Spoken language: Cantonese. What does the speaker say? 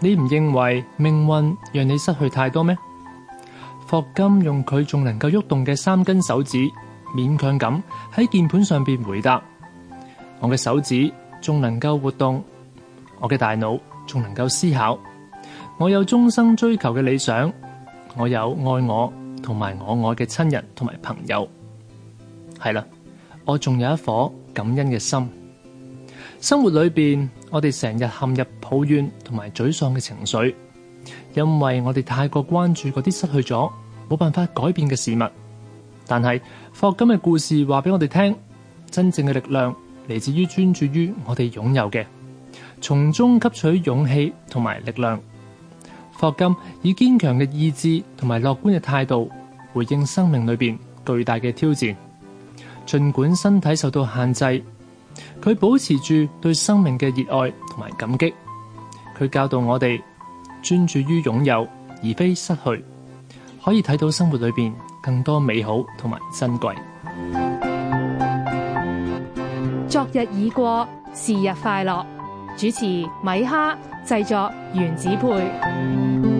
你唔認為命運讓你失去太多咩？霍金用佢仲能夠喐動嘅三根手指，勉強咁喺鍵盤上邊回答：我嘅手指仲能夠活動，我嘅大腦仲能夠思考，我有終生追求嘅理想，我有愛我同埋我愛嘅親人同埋朋友。係啦，我仲有一顆感恩嘅心，生活裏邊。我哋成日陷入抱怨同埋沮喪嘅情緒，因為我哋太過關注嗰啲失去咗冇辦法改變嘅事物。但係霍金嘅故事話俾我哋聽，真正嘅力量嚟自於專注於我哋擁有嘅，從中吸取勇氣同埋力量。霍金以堅強嘅意志同埋樂觀嘅態度回應生命裏邊巨大嘅挑戰，盡管身體受到限制。佢保持住對生命嘅熱愛同埋感激，佢教導我哋專注於擁有而非失去，可以睇到生活裏面更多美好同埋珍貴。昨日已過，是日快樂。主持米哈，製作原子配。